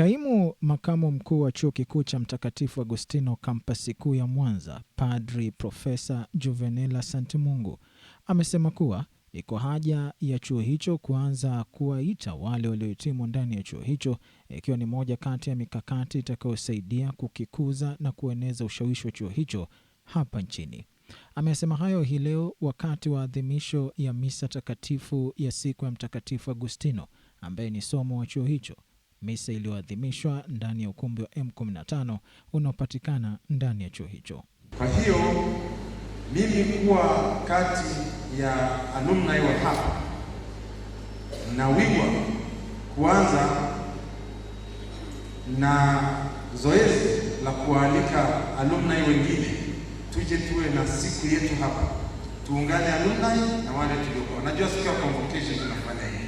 Kaimu makamu mkuu wa chuo kikuu cha Mtakatifu Agostino kampasi kuu ya Mwanza, Padri Profesa Juvenila Santimungu amesema kuwa iko haja ya chuo hicho kuanza kuwaita wale waliohitimu ndani ya chuo hicho, ikiwa ni moja kati ya mikakati itakayosaidia kukikuza na kueneza ushawishi wa chuo hicho hapa nchini. Amesema hayo hii leo wakati wa adhimisho ya misa takatifu ya siku ya Mtakatifu Agostino ambaye ni somo wa chuo hicho misa iliyoadhimishwa ndani ya ukumbi wa M15 unaopatikana ndani ya chuo hicho. Kwa hiyo mimi kuwa kati ya alumni wa hapa wiwa kuanza na zoezi la kualika alumni wengine tuje tuwe na siku yetu hapa, tuungane alumni na wale tuliokuwa. Najua siku ya convocation tunafanya hii,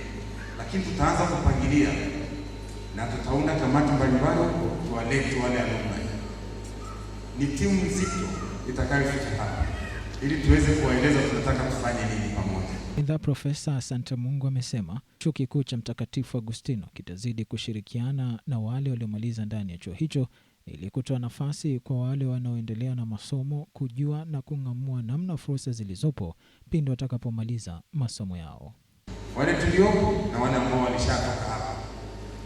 lakini tutaanza kupangilia na tutaunda kamati mbalimbali tuwalete wale alumni. Ni timu nzito itakayofika hapa ili tuweze kuwaeleza tunataka tufanye nini pamoja. Aidha, Profesa Asante Mungu amesema chuo kikuu cha Mtakatifu Agustino kitazidi kushirikiana na wale waliomaliza ndani ya chuo hicho ili kutoa nafasi kwa wale wanaoendelea na masomo kujua na kung'amua namna fursa zilizopo pindi watakapomaliza masomo yao, wale tuliopo na wale ambao walishatoka hapa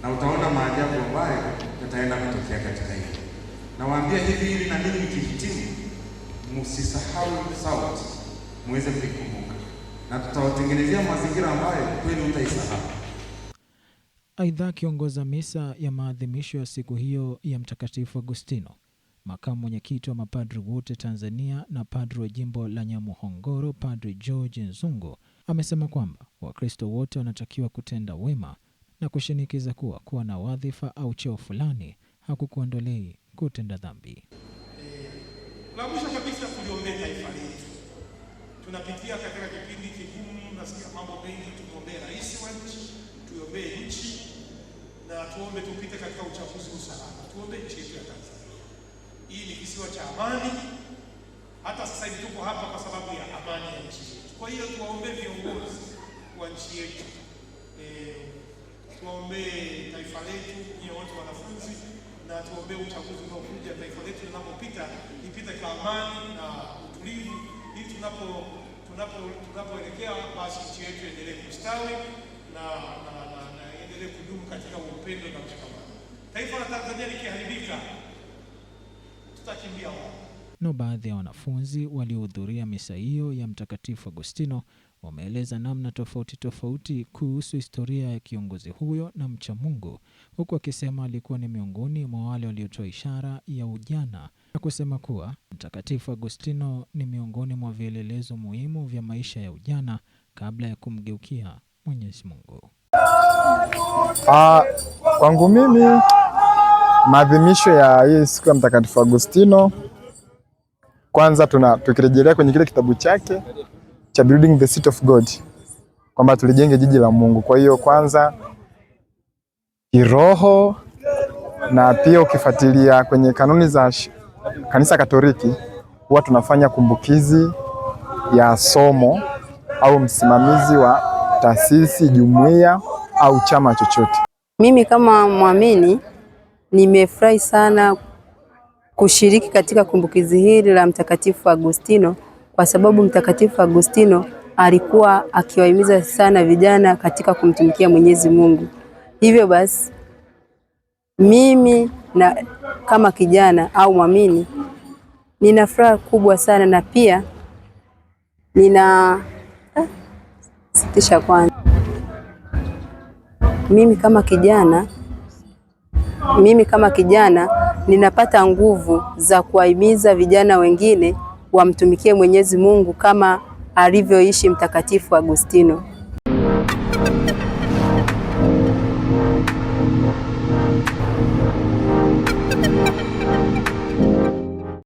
na kuona maajabu ambayo yataenda kutokea katika hili. Nawaambia hivi ili na ninyi mkihitimu, msisahau SAUT, muweze kuikumbuka na tutawatengenezea mazingira ambayo kweli utaisahau. Aidha, akiongoza misa ya maadhimisho ya siku hiyo ya Mtakatifu Agustino, makamu mwenyekiti wa mapadri wote Tanzania na padri wa jimbo la Nyamuhongoro, Padri George Nzungu amesema kwamba Wakristo wote wanatakiwa kutenda wema na kushinikiza kuwa kuwa na wadhifa au cheo fulani hakukuondolei kutenda dhambi. La mwisho kabisa, kuliombea taifa letu. Tunapitia katika kipindi kigumu, nasikia mambo mengi. Tumwombee rais wa nchi, tuiombee nchi na tuombe tupite katika uchaguzi usalama. Tuombe nchi yetu ya Tanzania, hii ni kisiwa cha amani. Hata sasa hivi tuko hapa kwa sababu ya amani ya nchi yetu. Kwa hiyo tuwaombe viongozi wa nchi yetu eh, tuombee taifa letu, nyie wote wanafunzi, na tuombee uchaguzi unaokuja, taifa letu linapopita ipite kwa amani na utulivu, ili tunapo tunapoelekea basi nchi yetu endelee kustawi na na, na, na endelee kudumu katika upendo na mshikamano. Taifa la Tanzania likiharibika, tutakimbia wapi? Nao baadhi ya wanafunzi waliohudhuria misa hiyo ya Mtakatifu Agostino wameeleza namna tofauti tofauti kuhusu historia ya kiongozi huyo na mcha Mungu, huku akisema alikuwa ni miongoni mwa wale waliotoa ishara ya ujana na kusema kuwa Mtakatifu Agostino ni miongoni mwa vielelezo muhimu vya maisha ya ujana kabla ya kumgeukia Mwenyezi Mungu. Ah, kwangu mimi maadhimisho ya hii siku ya Mtakatifu Agostino, kwanza tuna tukirejelea kwenye kile kitabu chake cha building the city of God, kwamba tulijenge jiji la Mungu. Kwa hiyo kwanza kiroho, na pia ukifuatilia kwenye kanuni za kanisa Katoliki huwa tunafanya kumbukizi ya somo au msimamizi wa taasisi, jumuiya au chama chochote. Mimi kama mwamini nimefurahi sana kushiriki katika kumbukizi hili la Mtakatifu Agustino kwa sababu Mtakatifu Agustino alikuwa akiwahimiza sana vijana katika kumtumikia Mwenyezi Mungu. Hivyo basi mimi na kama kijana au mwamini nina furaha kubwa sana na pia nina eh, sitisha kwanza. Mimi kama kijana mimi kama kijana ninapata nguvu za kuwahimiza vijana wengine wamtumikie Mwenyezi Mungu kama alivyoishi Mtakatifu Agustino.